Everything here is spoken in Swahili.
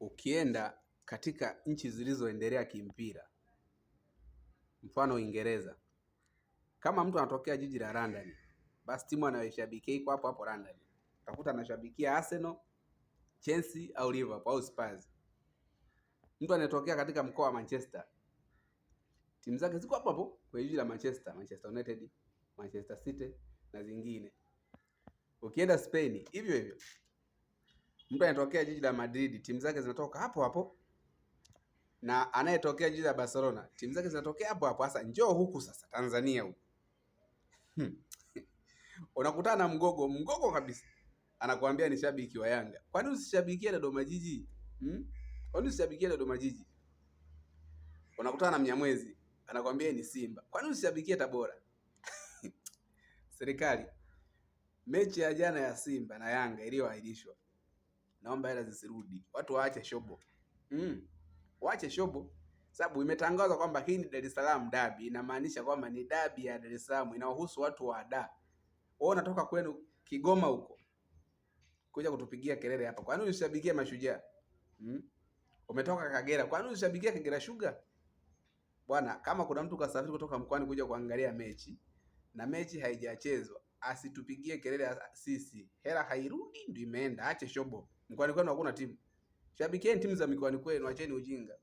ukienda katika nchi zilizoendelea kimpira, mfano Uingereza, kama mtu anatokea jiji la London, basi timu anayoshabikia iko hapo hapo London. Utakuta anashabikia Arsenal, Chelsea au Liverpool au Spurs. Mtu anayetokea katika mkoa wa Manchester, timu zake ziko hapo hapo kwenye jiji la Manchester, Manchester United, Manchester City na zingine. Ukienda Spain hivyo hivyo mtu anatokea jiji la Madrid, timu zake zinatoka hapo hapo, na anayetokea jiji la Barcelona, timu zake zinatokea hapo hapo. Sasa njoo huku sasa Tanzania huku hmm. unakutana na mgogo mgogo kabisa, anakuambia ni shabiki wa Yanga. Kwani usishabikie Dodoma jiji hmm? Kwani usishabikie Dodoma jiji? Unakutana na Mnyamwezi anakuambia ni Simba. Kwani usishabikie Tabora? Serikali, mechi ya jana ya Simba na Yanga iliyoahirishwa naomba hela zisirudi. Watu waache shobo mm. waache shobo, sababu imetangazwa kwamba hii ni Dar es Salaam dabi, inamaanisha kwamba ni dabi ya Dar es Salaam inaohusu watu wa da. Wewe unatoka kwenu Kigoma huko kuja kutupigia kelele hapa, kwa nini usishabikie mashujaa mm? Umetoka Kagera, kwa nini usishabikie Kagera Sugar bwana? Kama kuna mtu kasafiri kutoka mkoani kuja kuangalia mechi na mechi haijachezwa asitupigie kelele sisi, hela hairudi, ndio imeenda. Ache shobo mkoani kwenu, hakuna timu shabikieni timu za mikoani kwenu, acheni ujinga.